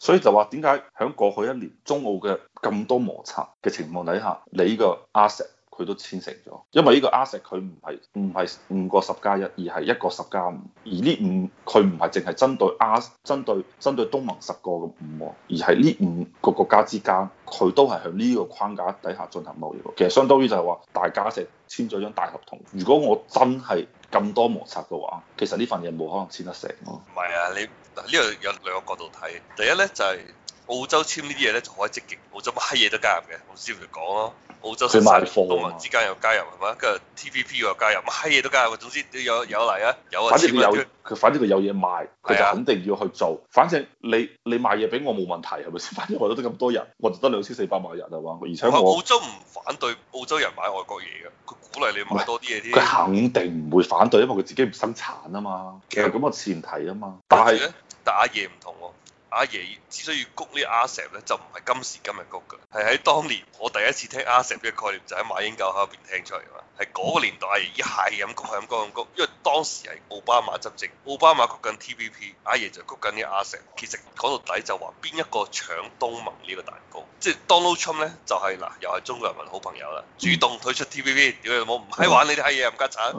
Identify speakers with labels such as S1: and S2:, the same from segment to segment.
S1: 所以就話點解喺過去一年中澳嘅咁多摩擦嘅情況底下，你個阿 Sa。佢都簽成咗，因為呢個阿石佢唔係唔係五個十加一，而係一個十加五，而呢五佢唔係淨係針對阿針對針對東盟十個咁五喎，而係呢五個國家之間佢都係向呢個框架底下進行貿易。其實相當於就係話大家石簽咗張大合同。如果我真係咁多摩擦嘅話，其實呢份嘢冇可能簽得成。
S2: 唔係啊，你呢個有兩個角度睇。第一呢就係、是。澳洲簽呢啲嘢咧就可以積極，澳洲乜閪嘢都加入嘅，我師父就講咯。澳洲生產，東盟之間又加入係嘛，跟住 TPP 又加入，乜閪嘢都加入，總之有有嚟啊，有啊。有反正有
S1: 佢，就反正佢有嘢賣，佢就肯定要去做。啊、反正你你賣嘢俾我冇問題係咪先？反正我都得咁多人，我得兩千四百萬人係嘛，而且澳洲唔反對澳洲人買外
S2: 國嘢嘅，佢鼓勵你買多啲嘢添。佢肯
S1: 定唔會反對，因為佢自己唔生產啊嘛，其實咁個前提啊嘛。但係
S2: 但呢打嘢唔同喎、啊。阿爺只需要谷呢啲阿石咧，就唔係今時今日谷嘅，係喺當年我第一次聽阿石呢個概念就喺馬英九口入邊聽出嚟啦，係嗰個年代阿爺一係咁谷，係咁谷咁谷，因為當時係奧巴馬執政，奧巴馬谷緊 T V P，阿爺就谷緊啲阿石，其實講到底就話邊一個搶東盟呢個蛋糕，即、就、係、是、Donald Trump 咧就係、是、嗱，又係中國人民好朋友啦，主動退出 T V b 屌你冇唔閪玩你啲閪嘢唔介插。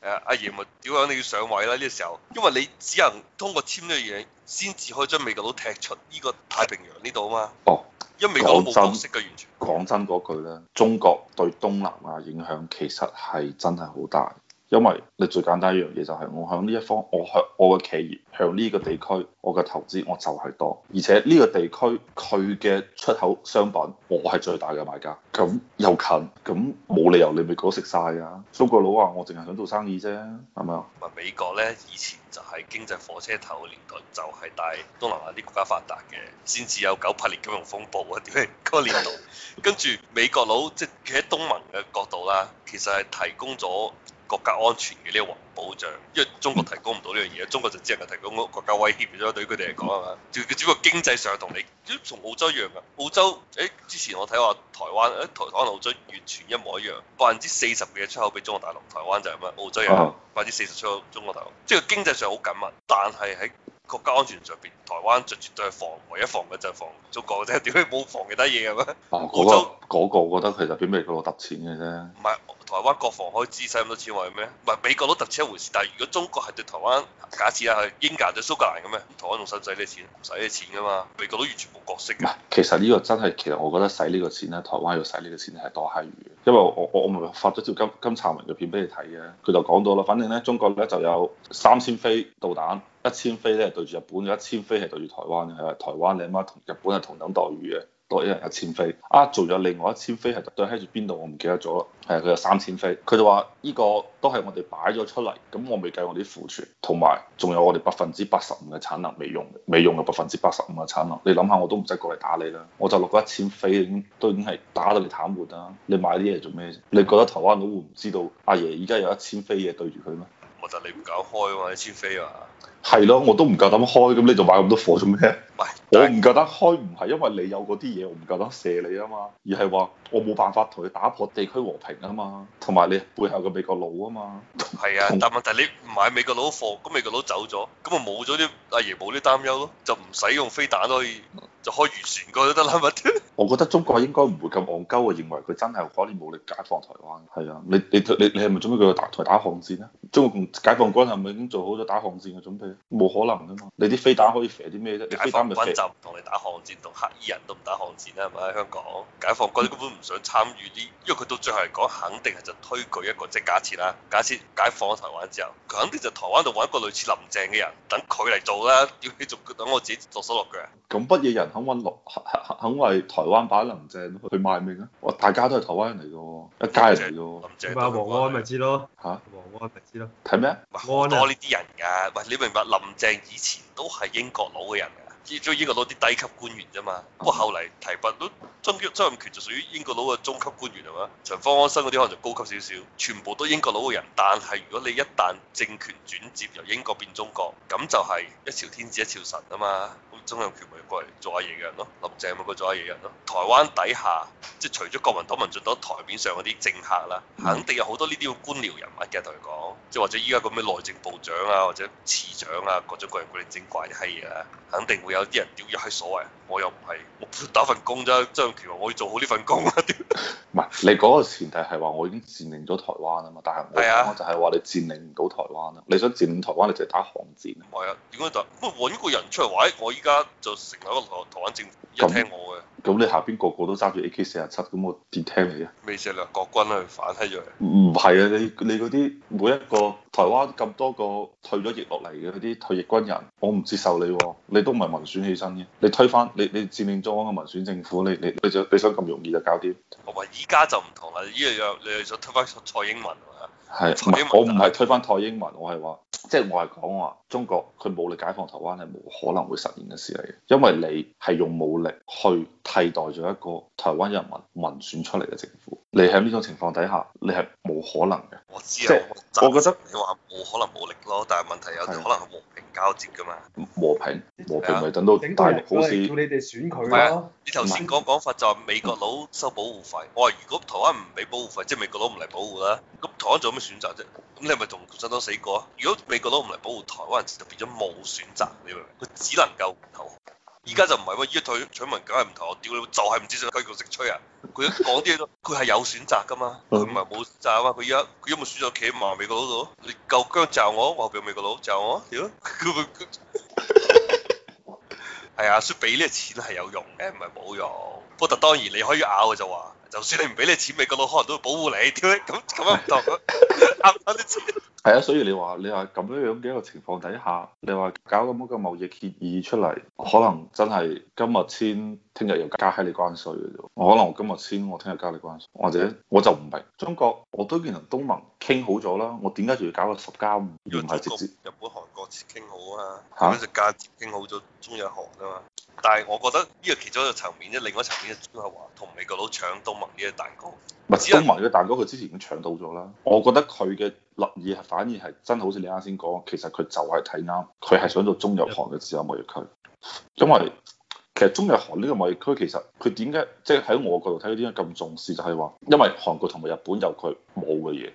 S2: 誒，阿爺咪屌梗，你要上位啦呢個時候，因為你只能通過簽呢樣嘢，先至可以將美國佬踢出呢個太平洋呢度啊嘛。哦，
S1: 因為美國冇方式嘅完全。講真嗰句咧，中國對東南亞影響其實係真係好大。因為你最簡單一樣嘢就係我向呢一方，我向我嘅企業向呢個地區，我嘅投資我就係多，而且呢個地區佢嘅出口商品我係最大嘅買家，咁又近，咁冇理由你咪攰到食晒㗎。中國佬話我淨係想做生意啫，係咪？
S2: 同美國呢，以前就係經濟火車頭嘅年代，就係帶東南亞啲國家發達嘅，先至有九八年金融風暴啊！點解嗰個年度？跟住美國佬即係喺東盟嘅角度啦，其實係提供咗。國家安全嘅呢一環保障，因為中國提供唔到呢樣嘢，中國就只能夠提供個國家威脅咗。對於佢哋嚟講啊，就佢只不過經濟上同你，同澳洲一樣㗎。澳洲，誒、欸、之前我睇話台灣，誒台灣同澳洲完全一模一樣，百分之四十嘅出口俾中國大陸，台灣就係咁啊，澳洲有百分之四十出口，中國，出口中國大陸，即係經濟上好緊密，但係喺，國家安全上邊，台灣就絕對係防唯一防嘅就係防中國啫。點解冇防其他嘢嘅咩？嗰、
S1: 嗰個嗰我洲覺得其實俾美國佬揼錢嘅啫。
S2: 唔係台灣國防可以支使咁多錢，為咩？唔係美國都揼錢一回事。但係如果中國係對台灣，假設啊係英格蘭對蘇格蘭咁咩，台灣仲使唔使啲錢？唔使啲錢㗎嘛，美國都完全冇
S1: 角色。唔係，其實呢個真係其實我覺得使呢個錢咧，台灣要使呢個錢係多閪餘嘅。因為我我我咪發咗條金金察文嘅片俾你睇嘅，佢就講到啦。反正咧，中國咧就有三千飛導彈。一千飛咧對住日本，有一千飛係對住台灣嘅，台灣你阿媽同日本係同等待遇嘅，多一人一千飛。啊，做咗另外一千飛係對喺住邊度？我唔記得咗啦。係啊，佢有三千飛，佢就話呢、呢個都係我哋擺咗出嚟，咁我未計我啲庫存，同埋仲有我哋百分之八十五嘅產能未用，未用嘅百分之八十五嘅產能，你諗下我都唔使過嚟打你啦，我就錄咗一千飛，都已經係打到你癱瘓啦。你買啲嘢做咩？你覺得台灣佬會唔知道阿爺而家有一千飛嘢對住佢咩？但你唔夠開啊嘛，你先飛啊嘛。係咯、啊，我都唔夠膽開，咁你就買咁多貨做咩？唔係，我唔夠膽開，唔係因為你有嗰啲嘢，我唔夠膽射你啊嘛，而係話我冇辦法同佢打破地區和平啊嘛，同埋你背後嘅美國佬啊嘛。
S2: 係啊，同，但問題你唔買美國佬貨，咁美國佬走咗，咁就冇咗啲阿爺冇啲擔憂咯，就唔使用，用飛彈都可以。就開漁船過都得啦，咪？
S1: 我覺得中國應該唔會咁戇鳩啊，認為佢真係可能無力解放台灣。係啊你，你你你你係咪準備打台打巷戰咧？中國同解放軍係咪已經做好咗打巷戰嘅準備？冇可能啊嘛，你啲飛彈可以飛啲咩啫？解放軍就唔
S2: 同你打巷戰，同黑衣人都唔打巷戰啦，係咪喺香港？解放軍根本唔想參與啲，因為佢到最後嚟講，肯定係就推舉一個即係假設啦。假設解放咗台灣之後，佢肯定就台灣度揾一個類似林鄭嘅人，等佢嚟做啦，要你做等我自己落手落腳。
S1: 咁乜嘢人？肯揾落肯肯為台灣擺林鄭去賣命啊！哇大家都係台灣人嚟噶，一街林林人嚟噶。你問黃安咪知咯？嚇、啊？黃安
S2: 咪知咯？睇咩？黃安多呢啲人㗎。喂，你明白林鄭以前都係英國佬嘅人㗎，只做英國佬啲低級官員啫嘛。不過後嚟提拔都，曾曾蔭權就屬於英國佬嘅中級官員啊嘛。陳方安生嗰啲可能就高級少少，全部都英國佬嘅人。但係如果你一旦政權轉接由英國變中國，咁就係一朝天子一朝臣啊嘛。中央權威過嚟做下嘢人咯，林鄭咪過做下嘢人咯。台灣底下即係除咗國民黨民、民進黨台面上嗰啲政客啦，肯定有好多呢啲官僚人物嘅。同你講，即係或者依家咁嘅內政部長啊，或者次長啊，各種各樣古靈精怪嘅、啊，肯定會有啲人屌入去所謂。我又唔係打份工啫，張橋我要做好呢份工啊！唔係，
S1: 你嗰個前提係話我已經佔領咗台灣啊嘛，但係我講就係話你佔領唔到台灣係啊你台灣！你想佔領台灣，你就打巷戰。
S2: 係啊，點解就咁揾個人出嚟話我依家就成為一個台台灣政府，
S1: 一聽我嘅。這樣 咁你下邊個個都揸住 AK 四七，咁我點聽你啊？未射啦，國軍去反閪咗嚟。唔係啊，你你嗰啲每一個台灣咁多個退咗役落嚟嘅嗰啲退役軍人，我唔接受你、啊，你都唔係民選起身嘅，你推翻你你戰亂中嘅民選政府，你你你想咁容易就搞掂？
S2: 我話依家就唔同啦，依樣嘢你係想推翻蔡英文係、啊就是、
S1: 我唔係推翻蔡英文，我係話。即係我係講話，中國佢武力解放台灣係冇可能會實現嘅事嚟嘅，因為你係用武力去替代咗一個台灣人民民選出嚟嘅政府，你喺呢種情況底下，你係冇可能嘅。我
S2: 知啊，我，真我覺得你話冇可能武力咯，但係問題有啲可能和平交接噶嘛和？
S1: 和平和平咪等到大陸好似叫
S2: 你哋選佢咯。你頭先講講法就係美國佬收保護費，我、哦、話如果台灣唔俾保護費，即、就、係、是、美國佬唔嚟保護啦。台灣做咩選擇啫？咁你咪同生當死過啊！如果美國佬唔嚟保護台灣，就變咗冇選擇，你明唔明？佢只能夠投降。而家就唔係喎，依家台蔡文梗係唔投降，屌！你就係唔知想雞腳識吹啊！佢講啲嘢都，佢係有選擇噶嘛，佢唔係冇選擇啊！佢一，佢有冇選擇企喺埋美國佬度？你夠姜捉我，我後邊美國佬捉我，屌！係 啊、哎，所以俾呢啲錢係有，有用，嘅，唔係冇用。不過當然你可以拗佢就話。就算你唔俾你錢，美國佬可能都會保護你。點解咁咁
S1: 樣唔同？係啊，所以你話你話咁樣樣嘅一個情況底下，你話搞咁多個貿易協議出嚟，可能真係今日簽，聽日又加起你關稅嘅啫。可能今我今日簽，我聽日加你關稅。或者我就唔明中國我都見同東盟傾好咗啦，我點解仲要搞個十加五？唔係直接
S2: 日本韓國先傾好啊？嚇麼，食價傾好咗中日韓㗎嘛。但係，我覺得呢個其中一個層面，即係另外一個層面，係主要係話同美國佬搶東盟嘅蛋糕。
S1: 唔係東盟嘅蛋糕，佢之前已經搶到咗啦。我覺得佢嘅立意係反而係真係好似你啱先講，其實佢就係睇啱，佢係想做中日韓嘅自由貿易區。因為其實中日韓呢個貿易區其實佢點解即係喺我角度睇到點解咁重視，就係話因為韓國同埋日本有佢冇嘅嘢，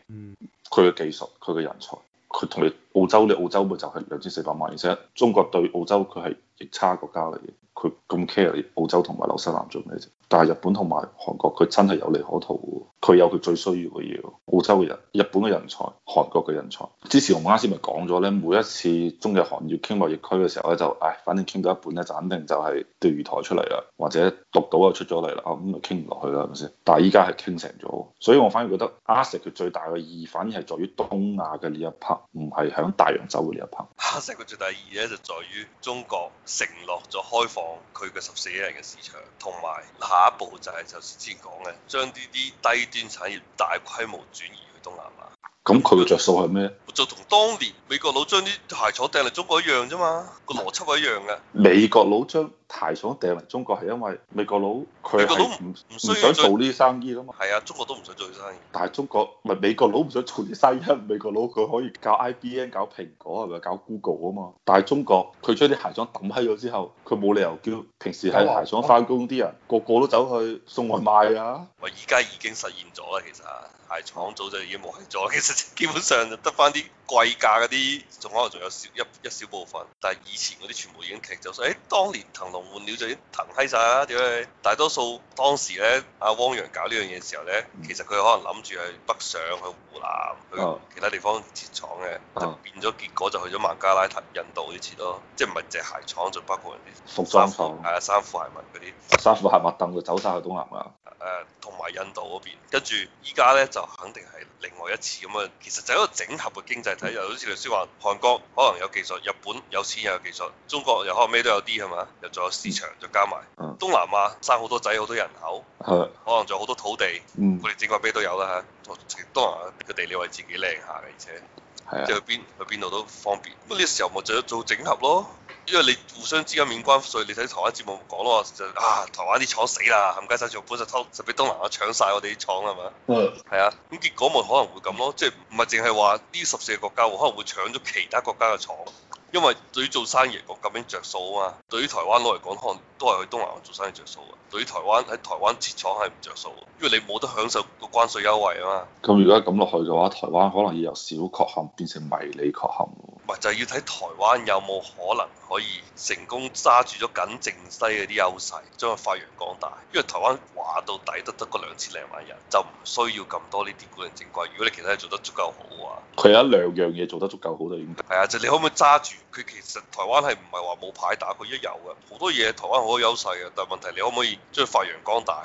S1: 佢嘅技術、佢嘅人才，佢同你。澳洲咧，澳洲咪就係兩千四百萬，而且中國對澳洲佢係逆差國家嚟嘅，佢咁 care 澳洲同埋紐西蘭做咩啫？但係日本同埋韓國佢真係有利可圖，佢有佢最需要嘅嘢。澳洲嘅人、日本嘅人才、韓國嘅人才，之前我啱先咪講咗呢，每一次中日韓要傾貿易區嘅時候呢，就唉，反正傾到一半呢，就肯定就係釣魚台出嚟啦，或者獨島又出咗嚟啦，咁咪傾唔落去啦係咪先？但係依家係傾成咗，所以我反而覺得 ASEAN 佢最大嘅意義，反而係在於東亞嘅呢一 part，唔係喺。咁大洋洲嘅入跑。黑色嘅最大意義咧，就在於
S2: 中國承諾咗開放佢嘅十四億人嘅市場，同埋下一步就係就之前講嘅，將呢啲低端產業大規模轉移去東南亞。
S1: 咁佢嘅着數係咩？
S2: 就同當年美國佬將啲鞋廠掟嚟中國一樣啫嘛，個邏輯係一樣嘅。
S1: 美國佬將鞋廠掟嚟中國係因為美國佬佢係唔唔想做呢啲生意啊嘛，係啊，中國都唔想做呢啲生意。但係中國咪美國佬唔想做啲生意，美國佬佢可以搞 IBM 搞蘋果係咪搞 Google 啊嘛？但係中國佢將啲鞋廠抌低咗之後，佢冇理由叫平時喺鞋廠翻工啲人，啊、個個都走去送外賣啊？
S2: 喂，而家已經實現咗啦，其實鞋廠早就已經無形咗。其實基本上就得翻啲貴價嗰啲，仲可能仲有少一一小部分。但係以前嗰啲全部已經劇走曬。所以，當年騰龍。換料就已最騰閪晒啊！屌解大多數當時咧，阿汪洋搞呢樣嘢時候咧，其實佢可能諗住去北上、去湖南、去其他地方設廠嘅，啊、就變咗結果就去咗孟加拉、泰、印度嗰啲設咯，即係唔係隻鞋廠就包括啲服裝、戶啊、鞋、衫褲鞋襪嗰啲，
S1: 衫褲鞋襪凳佢走晒去東南啦。啊
S2: 印度嗰邊，跟住依家呢就肯定係另外一次咁樣！其實就一個整合嘅經濟體，就好似頭先話，韓國可能有技術，日本有錢又有技術，中國又可能咩都有啲係嘛，又仲有市場再加埋。東南亞生好多仔，好多人口，的可能仲有好多土地。嗯，我哋整個咩都有啦嚇。東南亞嘅地理位置幾靚下嘅，而且。即係、啊、去邊去邊度都方便，咁呢個時候咪就要做整合咯，因為你互相之間免關稅，所以你睇台灣節目講咯，就啊台灣啲廠死啦，冚家鏟做本就偷，就俾東南亞搶晒我哋啲廠係咪？嗯。係啊，咁、啊、結果咪可能會咁咯，即係唔係淨係話呢十四個國家可能會搶咗其他國家嘅廠。因為對於做生意嚟講咁樣着數啊嘛，對於台灣攞嚟講可能都係去東南亞做生意着數嘅，對於台灣喺台灣設廠係唔着數，因為你冇得享受個關稅優惠啊嘛。
S1: 咁如果咁落去嘅話，台灣可能要由小確幸變成迷你確幸。
S2: 唔係，就要睇台灣有冇可能可以成功揸住咗僅剩西嗰啲優勢，將佢發揚光大。因為台灣話到底都得個兩千零萬人，就唔需要咁多呢啲古靈精怪。如果你其他嘢做得足夠好嘅話，
S1: 佢有一兩樣嘢做得足夠好就應
S2: 該係啊，就係、你可唔可以揸住？佢其實台灣係唔係話冇牌打？佢一有嘅好多嘢，台灣好多優勢啊。但係問題你可唔可以將佢發揚光大？